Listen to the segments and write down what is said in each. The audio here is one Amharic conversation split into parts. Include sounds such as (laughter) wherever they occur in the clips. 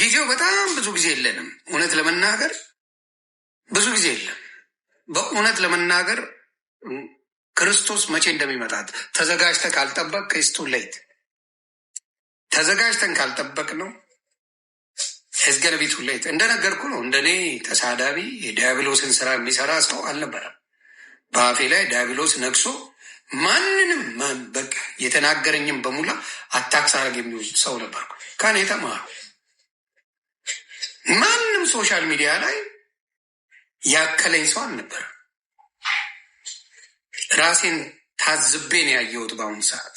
ጊዜው በጣም ብዙ ጊዜ የለንም። እውነት ለመናገር ብዙ ጊዜ የለም። በእውነት ለመናገር ክርስቶስ መቼ እንደሚመጣት ተዘጋጅተ ካልጠበቅ ክስቱ ሌት ተዘጋጅተን ካልጠበቅ ነው ህዝገነቢቱ ሌት እንደነገርኩ ነው። እንደኔ ተሳዳቢ የዲያብሎስን ስራ የሚሰራ ሰው አልነበረም። በአፌ ላይ ዲያብሎስ ነግሶ ማንንም በቃ የተናገረኝም በሙላ አረግ የሚውል ሰው ነበርኩ። ከኔ ተማሩ ማንም ሶሻል ሚዲያ ላይ ያከለኝ ሰው አልነበረም። ራሴን ታዝቤን ያየሁት በአሁኑ ሰዓት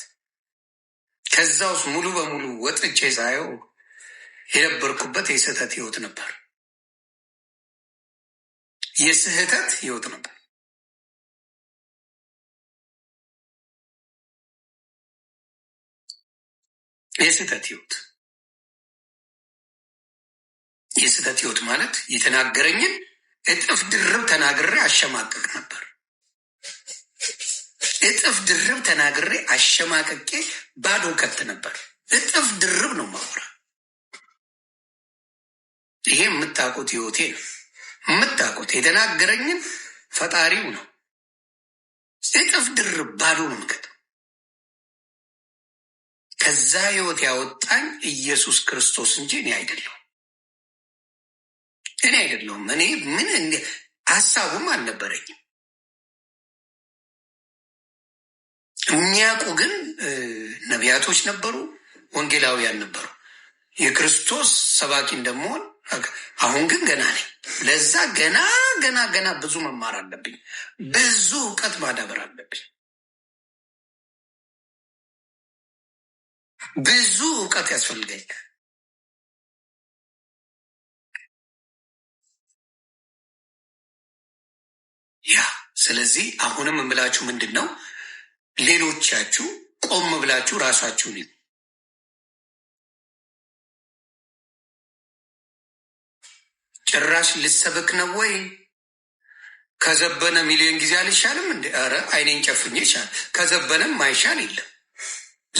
ከዛ ውስጥ ሙሉ በሙሉ ወጥቼ ሳየው የነበርኩበት የስህተት ህይወት ነበር። የስህተት ህይወት ነበር። የስህተት ህይወት የስህተት ህይወት ማለት የተናገረኝን እጥፍ ድርብ ተናግሬ አሸማቀቅ ነበር። እጥፍ ድርብ ተናግሬ አሸማቀቄ ባዶ ከት ነበር። እጥፍ ድርብ ነው ማወራ። ይሄ የምታውቁት ህይወቴ ነው። የምታውቁት የተናገረኝን ፈጣሪው ነው። እጥፍ ድርብ ባዶ ነው ምከት ከዛ ህይወት ያወጣኝ ኢየሱስ ክርስቶስ እንጂ እኔ አይደለሁ። እኔ አይደለሁም። እኔ ምን ሀሳቡም አልነበረኝም። የሚያውቁ ግን ነቢያቶች ነበሩ፣ ወንጌላውያን ነበሩ። የክርስቶስ ሰባኪ እንደመሆን አሁን ግን ገና ነኝ። ለዛ ገና ገና ገና ብዙ መማር አለብኝ፣ ብዙ እውቀት ማዳበር አለብኝ፣ ብዙ እውቀት ያስፈልገኛል። ስለዚህ አሁንም የምላችሁ ምንድን ነው፣ ሌሎቻችሁ ቆም ብላችሁ ራሳችሁን ጭራሽ ልሰበክ ነው ወይ ከዘበነ ሚሊዮን ጊዜ አልሻልም እንዴ ኧረ አይኔን ጨፍኝ ይሻል። ከዘበነም ማይሻል የለም።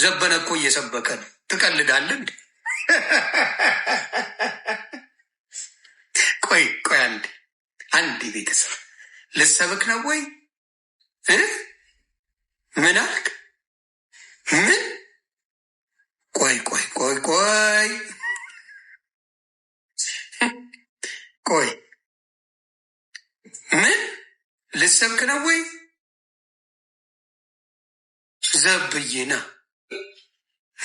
ዘበነ እኮ እየሰበከ ነው። ትቀልዳለ እንዴ? (laughs) ልሰብክ ነው ወይ? ምን አልክ? ምን? ቆይ ቆይ ቆይ ቆይ ቆይ ምን ልሰብክ ነው ወይ? ዘብዬ ና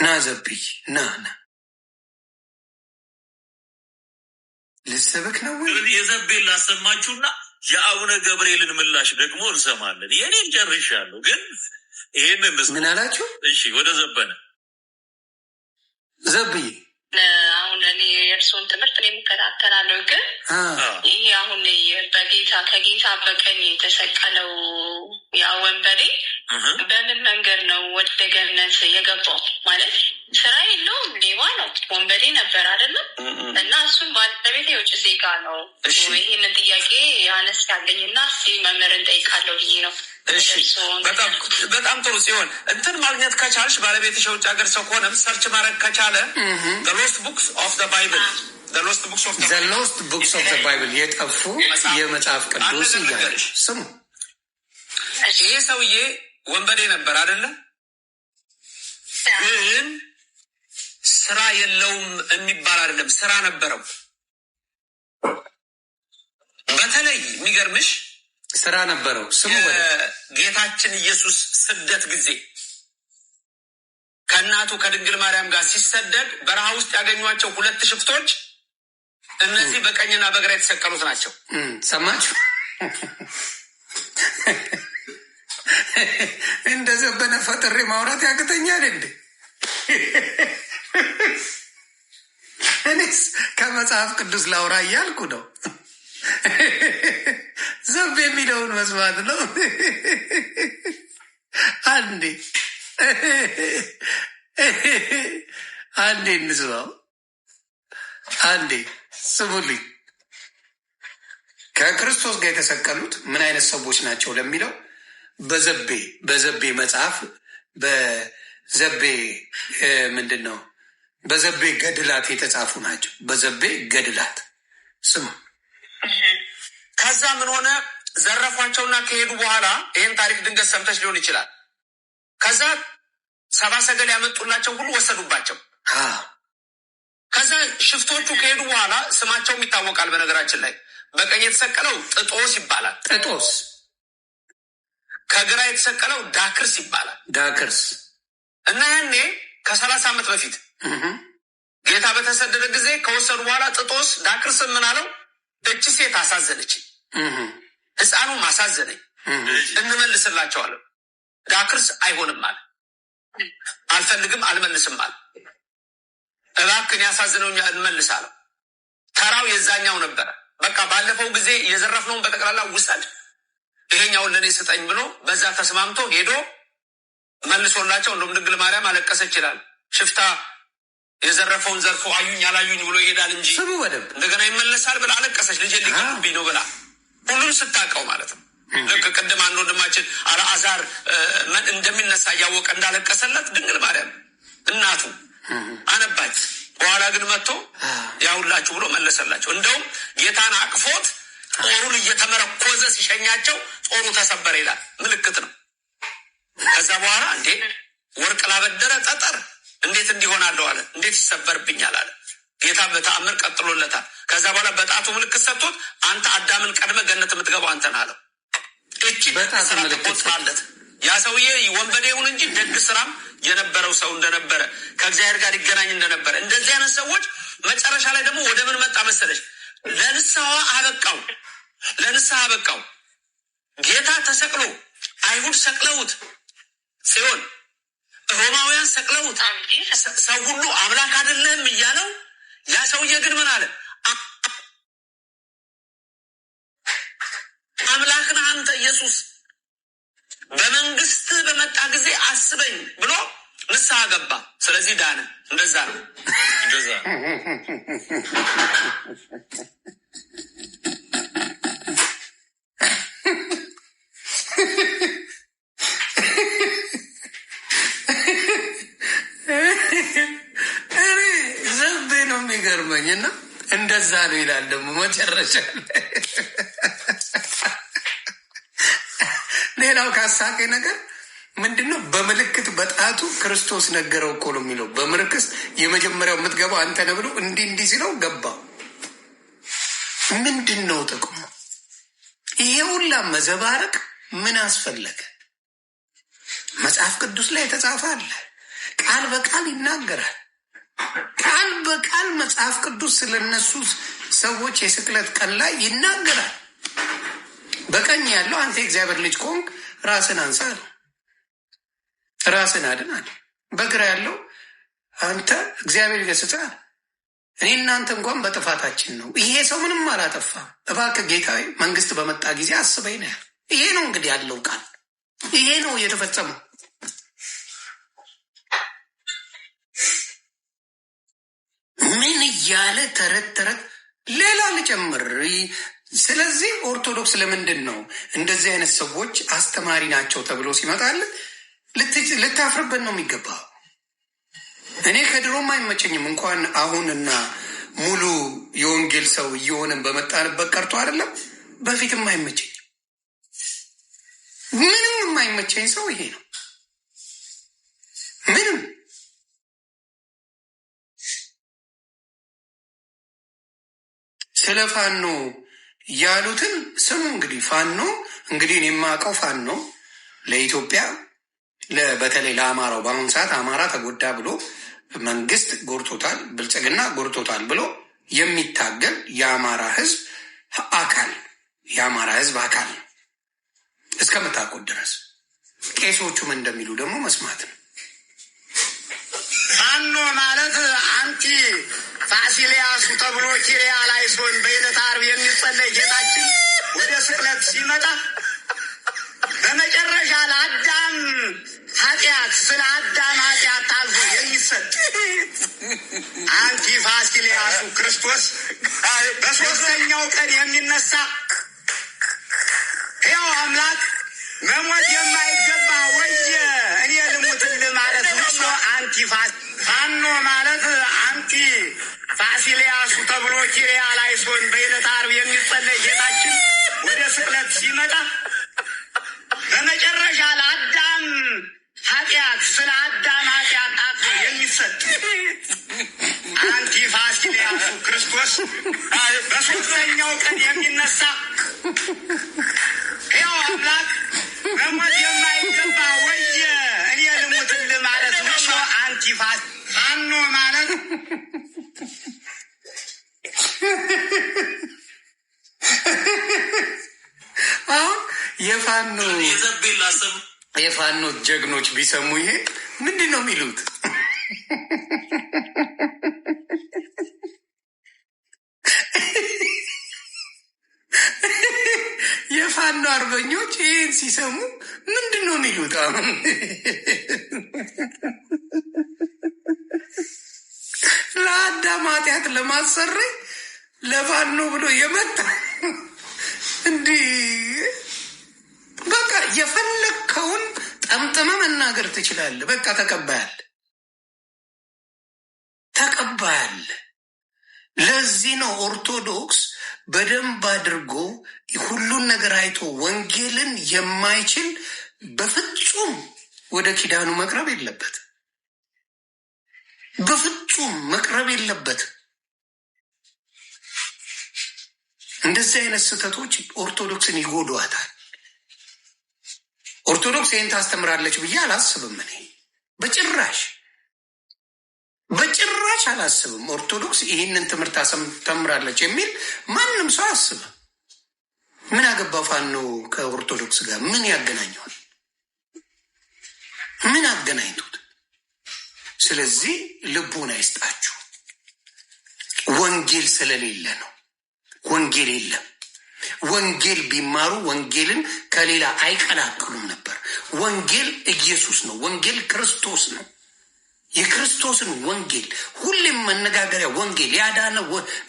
ና ዘብዬ ና ና ልሰብክ ነው ወይ? የዘቤ ላሰማችሁና የአቡነ ገብርኤልን ምላሽ ደግሞ እንሰማለን። የኔን ጨርሻለሁ፣ ግን ይህንን ምን አላቸው? እሺ፣ ወደ ዘበነ ዘብዬ አሁን እኔ የእርስዎን ትምህርት እኔ የምከታተላለሁ፣ ግን ይህ አሁን በጌታ ከጌታ በቀኝ የተሰቀለው ያ ወንበዴ በምን መንገድ ነው ወደ ገነት የገባው ማለት ስራ የለውም ሌባ ነው፣ ወንበዴ ነበር አይደለም። እና እሱም ባለቤት የውጭ ዜጋ ነው። ይህን ጥያቄ አነስ ያለኝ እና ስ መምህርን ጠይቃለሁ ብዬ ነው። በጣም ጥሩ ሲሆን እንትን ማግኘት ከቻልሽ ባለቤትሽ የውጭ ሀገር ሰው ከሆነም ሰርች ማድረግ ከቻለ ሎስት ቡክስ ኦፍ ዘ ባይብል ሎስት ቡክስ ኦፍ ዘ ባይብል የጠፉ የመጽሐፍ ቅዱስ እያለ ስሙ። ይሄ ሰውዬ ወንበዴ ነበር አደለም ግን ስራ የለውም የሚባል አይደለም። ስራ ነበረው። በተለይ የሚገርምሽ ስራ ነበረው። ስሙ ጌታችን ኢየሱስ ስደት ጊዜ ከእናቱ ከድንግል ማርያም ጋር ሲሰደድ በረሃ ውስጥ ያገኟቸው ሁለት ሽፍቶች እነዚህ በቀኝና በግራ የተሰቀሉት ናቸው። ሰማችሁ? እንደ ዘበነ ፈጥሬ ማውራት ያቅተኛል እንዴ? መጽሐፍ ቅዱስ ላውራ እያልኩ ነው። ዘብ የሚለውን መስማት ነው። አንዴ አንዴ እንስማው። አንዴ ስሙልኝ። ከክርስቶስ ጋር የተሰቀሉት ምን አይነት ሰዎች ናቸው ለሚለው በዘቤ በዘቤ መጽሐፍ በዘቤ ምንድን ነው በዘቤ ገድላት የተጻፉ ናቸው። በዘቤ ገድላት ስሙ። ከዛ ምን ሆነ? ዘረፏቸውና ከሄዱ በኋላ ይህን ታሪክ ድንገት ሰምተች ሊሆን ይችላል። ከዛ ሰባ ሰገል ያመጡላቸው ሁሉ ወሰዱባቸው። ከዛ ሽፍቶቹ ከሄዱ በኋላ ስማቸውም ይታወቃል። በነገራችን ላይ በቀኝ የተሰቀለው ጥጦስ ይባላል። ጥጦስ ከግራ የተሰቀለው ዳክርስ ይባላል። ዳክርስ እና ያኔ ከሰላሳ ዓመት በፊት ጌታ በተሰደደ ጊዜ ከወሰዱ በኋላ ጥጦስ ዳክርስ ምን አለው? እች ሴት አሳዘነች፣ ህፃኑም አሳዘነኝ፣ እንመልስላቸዋለ። ዳክርስ አይሆንም አለ፣ አልፈልግም፣ አልመልስም አለ። እባክን ያሳዝነው እንመልስ አለው። ተራው የዛኛው ነበረ። በቃ ባለፈው ጊዜ የዘረፍነውን በጠቅላላ ውሰድ፣ ይሄኛውን ለእኔ ስጠኝ ብሎ በዛ ተስማምቶ ሄዶ መልሶላቸው። እንደውም ድንግል ማርያም አለቀሰች ይላል ሽፍታ የዘረፈውን ዘርፎ አዩኝ አላዩኝ ብሎ ይሄዳል እንጂ ስሙ በደንብ እንደገና ይመለሳል ብላ አለቀሰች። ልጅ ሊቀጡብኝ ነው ብላ ሁሉም ስታውቀው ማለት ነው። ልክ ቅድም አንድ ወንድማችን አልአዛር እንደሚነሳ እያወቀ እንዳለቀሰለት ድንግል ማርያም እናቱ አነባች። በኋላ ግን መጥቶ ያውላችሁ ብሎ መለሰላቸው። እንደውም ጌታን አቅፎት ጦሩን እየተመረኮዘ ሲሸኛቸው ጦሩ ተሰበረ ይላል። ምልክት ነው። ከዛ በኋላ እንዴ ወርቅ ላበደረ ጠጠር እንዴት እንዲሆናለሁ አለ። እንዴት ይሰበርብኛል አለ። ጌታ በተአምር ቀጥሎለታል። ከዛ በኋላ በጣቱ ምልክት ሰጥቶት አንተ አዳምን ቀድመ ገነት የምትገባው አንተን አለው። እቺ ያ ሰውዬ ወንበዴ ይሁን እንጂ ደግ ስራም የነበረው ሰው እንደነበረ ከእግዚአብሔር ጋር ይገናኝ እንደነበረ እንደዚህ አይነት ሰዎች መጨረሻ ላይ ደግሞ ወደ ምን መጣ መሰለች? ለንስሐ አበቃው። ለንስሐ አበቃው። ጌታ ተሰቅሎ አይሁድ ሰቅለውት ሲሆን ሮማውያን ሰቅለውት ሰው ሁሉ አምላክ አይደለህም እያለው ያ ሰውዬ ግን ምን አለ? አምላክ ነህ አንተ ኢየሱስ፣ በመንግስት በመጣ ጊዜ አስበኝ ብሎ ንስሐ ገባ። ስለዚህ ዳነ። እንደዛ ነው። እንደዛ የሚገርመኝ እና እንደዛ ነው ይላል ደግሞ መጨረሻ ሌላው ካሳቂ ነገር ምንድነው? በምልክት በጣቱ ክርስቶስ ነገረው እኮ ነው የሚለው። በምርክስ የመጀመሪያው የምትገባው አንተ ነህ ብሎ እንዲህ እንዲህ ሲለው ገባ። ምንድን ነው ጥቅሙ? ይሄ ሁላ መዘባረቅ ምን አስፈለገ? መጽሐፍ ቅዱስ ላይ የተጻፈ አለ፣ ቃል በቃል ይናገራል። ቃል በቃል መጽሐፍ ቅዱስ ስለነሱ ሰዎች የስቅለት ቀን ላይ ይናገራል። በቀኝ ያለው አንተ የእግዚአብሔር ልጅ ከሆንክ ራስን አንሳ ነው፣ ራስን አድን አለ። በግራ ያለው አንተ እግዚአብሔር ይገስጻል፣ እኔ እናንተ እንኳን በጥፋታችን ነው፣ ይሄ ሰው ምንም አላጠፋ፣ እባክህ ጌታ መንግስት በመጣ ጊዜ አስበኝ ነው። ይሄ ነው እንግዲህ ያለው ቃል፣ ይሄ ነው እየተፈጸመው ያለ ተረት ተረት ሌላ ልጨምር። ስለዚህ ኦርቶዶክስ ለምንድን ነው እንደዚህ አይነት ሰዎች አስተማሪ ናቸው ተብሎ ሲመጣል ልታፍርበት ነው የሚገባ። እኔ ከድሮም አይመቸኝም እንኳን አሁንና ሙሉ የወንጌል ሰው እየሆንን በመጣንበት ቀርቶ አይደለም በፊትም አይመቸኝም። ምንም የማይመቸኝ ሰው ይሄ ነው ምንም ስለ ፋኖ ያሉትን ስሙ። እንግዲህ ፋኖ እንግዲህ እኔ የማውቀው ፋኖ ለኢትዮጵያ በተለይ ለአማራው በአሁኑ ሰዓት አማራ ተጎዳ ብሎ መንግስት ጎርቶታል፣ ብልጽግና ጎርቶታል ብሎ የሚታገል የአማራ ህዝብ አካል የአማራ ህዝብ አካል ነው። እስከምታውቁት ድረስ ቄሶቹም እንደሚሉ ደግሞ መስማት ነው ፋኖ ማለት አንቺ ባሲልያሱ ተብሎ ኪሪያ ላይሶን በዕለተ ዓርብ የሚጸለይ ጌታችን ወደ ስቅለት ሲመጣ በመጨረሻ ለአዳም ኃጢአት ስለ አዳም ኃጢአት ታዞ የሚሰጥ አንቲ ባሲልያሱ ክርስቶስ በሦስተኛው ቀን የሚነሳ ሕያው አምላክ መሞት የማይገባ ወየ እኔ ልሙትል ማለት ነው። አንቲ ፋኖ ማለት ባሲሊያሱ ተብሎ ኪሪያ ላይ ሲሆን በዕለተ ዓርብ የሚጸለይ ጌታችን ወደ ስቅለት ሲመጣ የፋኖ የፋኖ ጀግኖች ቢሰሙ ይሄ ምንድን ነው የሚሉት? የፋኖ አርበኞች ይህን ሲሰሙ ምንድን ነው የሚሉት? አሁን ለአዳም ኃጢአት ለማሰረኝ ለፋኖ ብሎ የመጣ እንዲህ በቃ የፈለግከውን ጠምጥመ መናገር ትችላለህ። በቃ ተቀባያል ተቀባያል። ለዚህ ነው ኦርቶዶክስ በደንብ አድርጎ ሁሉን ነገር አይቶ ወንጌልን የማይችል በፍጹም ወደ ኪዳኑ መቅረብ የለበት፣ በፍጹም መቅረብ የለበት። እንደዚህ አይነት ስህተቶች ኦርቶዶክስን ይጎዷታል። ኦርቶዶክስ ይህን ታስተምራለች ብዬ አላስብም። እኔ በጭራሽ በጭራሽ አላስብም። ኦርቶዶክስ ይህንን ትምህርት ታስተምራለች የሚል ማንም ሰው አያስብም። ምን አገባው ፋኖ ከኦርቶዶክስ ጋር ምን ያገናኘዋል? ምን አገናኝቶት? ስለዚህ ልቡን አይስጣችሁ። ወንጌል ስለሌለ ነው። ወንጌል የለም። ወንጌል ቢማሩ ወንጌልን ከሌላ አይቀላቅሉም ነበር። ወንጌል ኢየሱስ ነው። ወንጌል ክርስቶስ ነው። የክርስቶስን ወንጌል ሁሌም መነጋገሪያ ወንጌል ያዳነ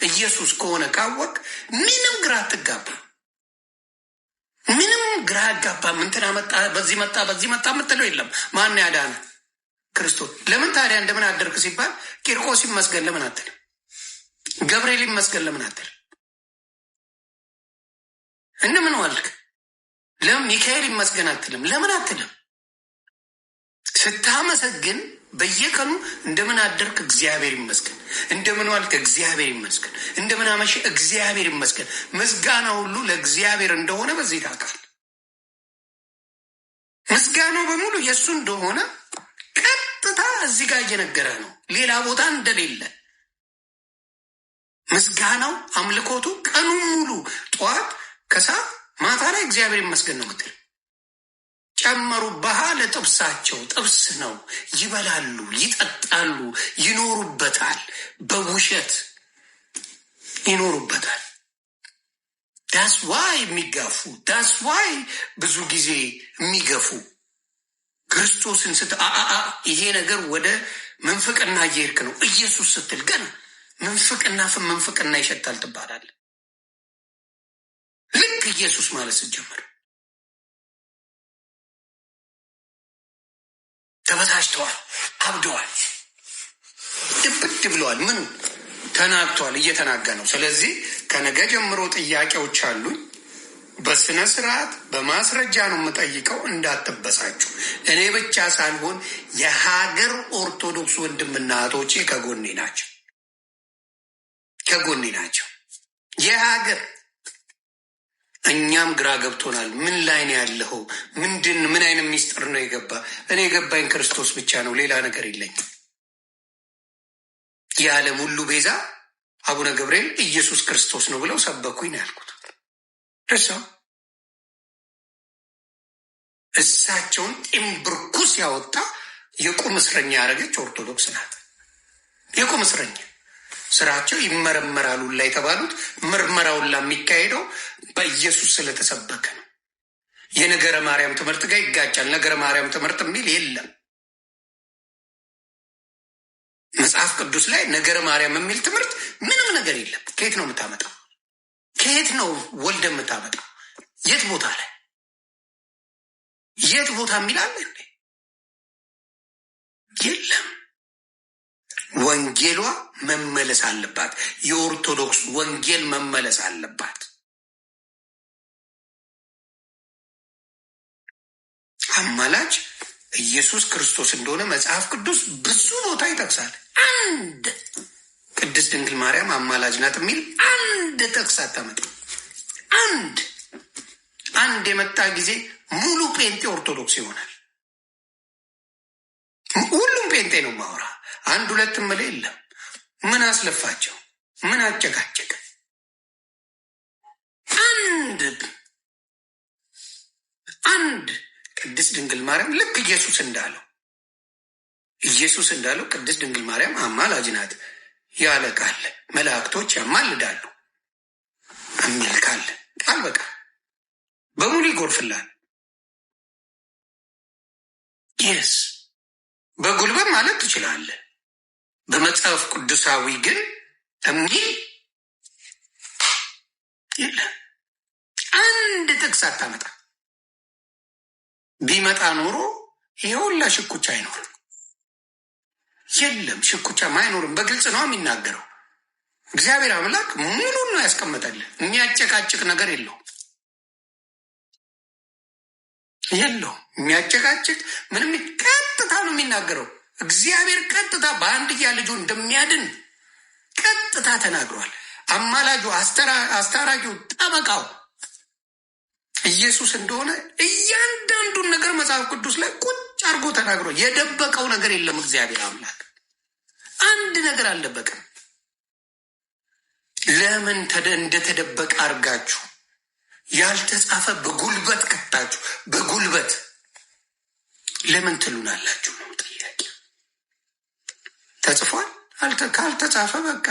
ኢየሱስ ከሆነ ካወቅ ምንም ግራ አትጋባ፣ ምንም ግራ አጋባ ምንትና መጣ፣ በዚህ መጣ፣ በዚህ መጣ የምትለው የለም። ማን ያዳነ? ክርስቶስ። ለምን ታዲያ እንደምን አደርግ ሲባል ቂርቆስ ይመስገን ለምን አትልም? ገብርኤል ይመስገን ለምን አትልም? እንደምን ዋልክ ለምን ሚካኤል ይመስገን አትልም? ለምን አትልም? ስታመሰግን በየቀኑ እንደምን አደርክ እግዚአብሔር ይመስገን፣ እንደምን ዋልክ እግዚአብሔር ይመስገን፣ እንደምን አመሸ እግዚአብሔር ይመስገን። ምስጋና ሁሉ ለእግዚአብሔር እንደሆነ በዚህ ታውቃለህ። ምስጋናው በሙሉ የእሱ እንደሆነ ቀጥታ እዚህ ጋር እየነገረ ነው። ሌላ ቦታ እንደሌለ ምስጋናው አምልኮቱ ቀኑን ሙሉ ጠዋት ከሳ ማታ ላይ እግዚአብሔር ይመስገን ነው ምትል ጨመሩባህ ለጥብሳቸው ጥብስ ነው። ይበላሉ፣ ይጠጣሉ፣ ይኖሩበታል። በውሸት ይኖሩበታል። ዳስ ዋይ የሚጋፉ ዳስ ዋይ ብዙ ጊዜ የሚገፉ ክርስቶስን ስት አአ ይሄ ነገር ወደ ምንፍቅና እየሄድክ ነው። ኢየሱስ ስትል ግን ምንፍቅና ፍ ምንፍቅና ይሸታል ትባላል። ልክ ኢየሱስ ማለት ስትጀምር ተበሳጭተዋል፣ አብደዋል፣ ድብድ ብለዋል። ምን ተናግቷል? እየተናጋ ነው። ስለዚህ ከነገ ጀምሮ ጥያቄዎች አሉኝ። በስነ ስርዓት በማስረጃ ነው የምጠይቀው። እንዳትበሳችሁ። እኔ ብቻ ሳልሆን የሀገር ኦርቶዶክስ ወንድምና እህቶቼ ከጎኔ ናቸው፣ ከጎኔ ናቸው የሀገር እኛም ግራ ገብቶናል። ምን ላይ ነው ያለኸው? ምንድን ምን አይነት ሚስጥር ነው የገባ? እኔ የገባኝ ክርስቶስ ብቻ ነው፣ ሌላ ነገር የለኝም። የዓለም ሁሉ ቤዛ አቡነ ገብርኤል ኢየሱስ ክርስቶስ ነው ብለው ሰበኩኝ ነው ያልኩት። ደሳ እሳቸውን ጢምብርኩስ ያወጣ የቁም እስረኛ ያደረገች ኦርቶዶክስ ናት። የቁም እስረኛ ስራቸው ይመረመራሉ ላይ የተባሉት ምርመራውን ላ የሚካሄደው በኢየሱስ ስለተሰበከ ነው። የነገረ ማርያም ትምህርት ጋር ይጋጫል። ነገረ ማርያም ትምህርት የሚል የለም። መጽሐፍ ቅዱስ ላይ ነገረ ማርያም የሚል ትምህርት ምንም ነገር የለም። ከየት ነው የምታመጣው? ከየት ነው ወልደ የምታመጣው? የት ቦታ ላይ የት ቦታ የሚላለ የለም። ወንጌሏ መመለስ አለባት። የኦርቶዶክስ ወንጌል መመለስ አለባት። አማላጅ ኢየሱስ ክርስቶስ እንደሆነ መጽሐፍ ቅዱስ ብዙ ቦታ ይጠቅሳል። አንድ ቅድስት ድንግል ማርያም አማላጅ ናት የሚል አንድ ጥቅስ አታመጣም። አንድ አንድ የመጣ ጊዜ ሙሉ ጴንጤ ኦርቶዶክስ ይሆናል። ሁሉም ጴንጤ ነው ማውራ አንድ ሁለት ምል የለም። ምን አስለፋቸው? ምን አጨቃጨቀ? አንድ አንድ ቅድስት ድንግል ማርያም ልክ ኢየሱስ እንዳለው ኢየሱስ እንዳለው ቅድስት ድንግል ማርያም አማላጅ ናት ያለቃል። መላእክቶች ያማልዳሉ የሚል ቃል በቃ በሙሉ ይጎርፍላል። የስ በጉልበት ማለት ትችላለህ። በመጽሐፍ ቅዱሳዊ ግን የሚል የለም። አንድ ጥቅስ አታመጣ። ቢመጣ ኖሮ የሁላ ሽኩቻ አይኖርም። የለም ሽኩቻም አይኖርም። በግልጽ ነው የሚናገረው። እግዚአብሔር አምላክ ሙሉ ነው ያስቀመጠልን። የሚያጨቃጭቅ ነገር የለው የለው የሚያጨቃጭቅ ምንም ቀጥታ ነው የሚናገረው። እግዚአብሔር ቀጥታ በአንድያ ልጁ እንደሚያድን ቀጥታ ተናግሯል። አማላጁ፣ አስታራቂው፣ ጠበቃው ኢየሱስ እንደሆነ እያንዳንዱን ነገር መጽሐፍ ቅዱስ ላይ ቁጭ አድርጎ ተናግሮ የደበቀው ነገር የለም። እግዚአብሔር አምላክ አንድ ነገር አልደበቀም። ለምን እንደተደበቀ አድርጋችሁ ያልተጻፈ በጉልበት ቀጣችሁ፣ በጉልበት ለምን ትሉናላችሁ ነው ጥያቄ። ተጽፏል። ካልተጻፈ በቃ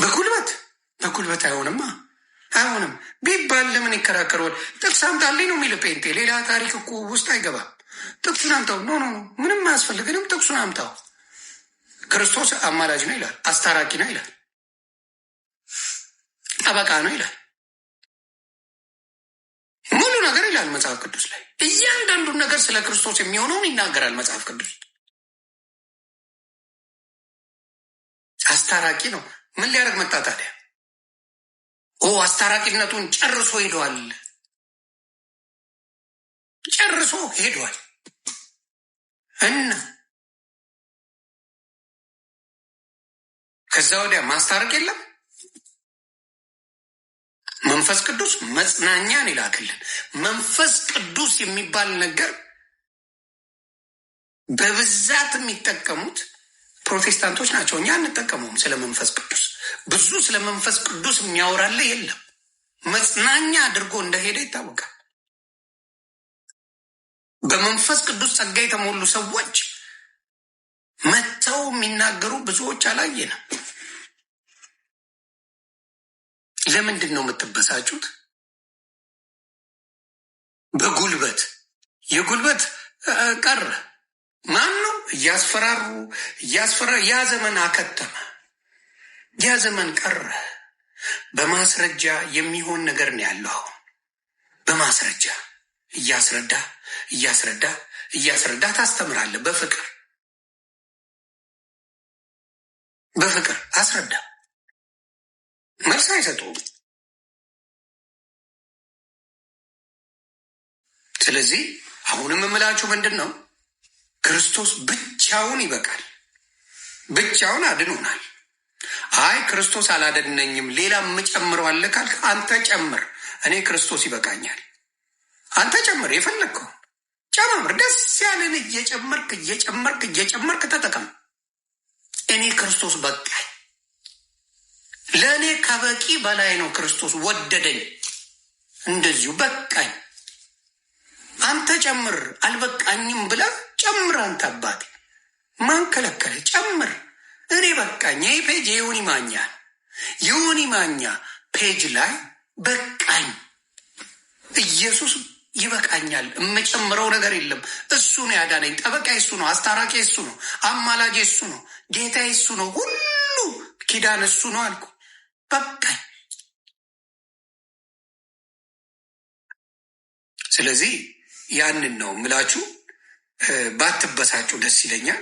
በጉልበት በጉልበት አይሆንማ አይሆንም ቢባል ለምን ይከራከረዋል? ጥቅስ አምጣልኝ ነው የሚል ጴንጤ። ሌላ ታሪክ እኮ ውስጥ አይገባም። ጥቅሱን አምጣው። ኖ ኖ ምንም አያስፈልግንም። ጥቅሱን አምጣው። ክርስቶስ አማላጅ ነው ይላል፣ አስታራቂ ነው ይላል፣ ጠበቃ ነው ይላል፣ ሙሉ ነገር ይላል መጽሐፍ ቅዱስ ላይ። እያንዳንዱን ነገር ስለ ክርስቶስ የሚሆነውን ይናገራል መጽሐፍ ቅዱስ አስታራቂ ነው። ምን ሊያደርግ መጣ ታዲያ? ኦ አስታራቂነቱን ጨርሶ ሄደዋል። ጨርሶ ሄደዋል እና ከዛ ወዲያ ማስታረቅ የለም። መንፈስ ቅዱስ መጽናኛን ይላክልን። መንፈስ ቅዱስ የሚባል ነገር በብዛት የሚጠቀሙት ፕሮቴስታንቶች ናቸው። እኛ አንጠቀመውም። ስለ መንፈስ ቅዱስ ብዙ ስለ መንፈስ ቅዱስ የሚያወራለ የለም። መጽናኛ አድርጎ እንደሄደ ይታወቃል። በመንፈስ ቅዱስ ጸጋ የተሞሉ ሰዎች መጥተው የሚናገሩ ብዙዎች አላየንም። ለምንድን ነው የምትበሳጩት? በጉልበት የጉልበት ቀረ ማን ነው እያስፈራሩ እያስፈራ ያ ዘመን አከተመ። ያ ዘመን ቀረ። በማስረጃ የሚሆን ነገር ነው ያለው። በማስረጃ እያስረዳ እያስረዳ እያስረዳ ታስተምራለህ። በፍቅር በፍቅር አስረዳ። መልስ አይሰጡም። ስለዚህ አሁንም የምላችሁ ምንድን ነው ክርስቶስ ብቻውን ይበቃል፣ ብቻውን አድኖናል። አይ ክርስቶስ አላደነኝም፣ ሌላ የምጨምረው አለ ካልክ አንተ ጨምር። እኔ ክርስቶስ ይበቃኛል። አንተ ጨምር፣ የፈለግከው ጨምር። ደስ ያለን እየጨመርክ እየጨመርክ እየጨመርክ ተጠቀም። እኔ ክርስቶስ በቃኝ። ለእኔ ከበቂ በላይ ነው። ክርስቶስ ወደደኝ፣ እንደዚሁ በቃኝ። አንተ ጨምር፣ አልበቃኝም ብለህ ጨምር አንተ አባቴ፣ ማን ከለከለ? ጨምር። እኔ በቃኝ። ይህ ፔጅ የዮኒ ማኛ የዮኒ ማኛ ፔጅ ላይ በቃኝ፣ ኢየሱስ ይበቃኛል፣ የምጨምረው ነገር የለም። እሱ ነው ያዳነኝ። ጠበቃ እሱ ነው፣ አስታራቂ እሱ ነው፣ አማላጅ እሱ ነው፣ ጌታ እሱ ነው፣ ሁሉ ኪዳን እሱ ነው አልኩ። በቃኝ። ስለዚህ ያንን ነው ምላችሁ ባትበሳጩ ደስ ይለኛል።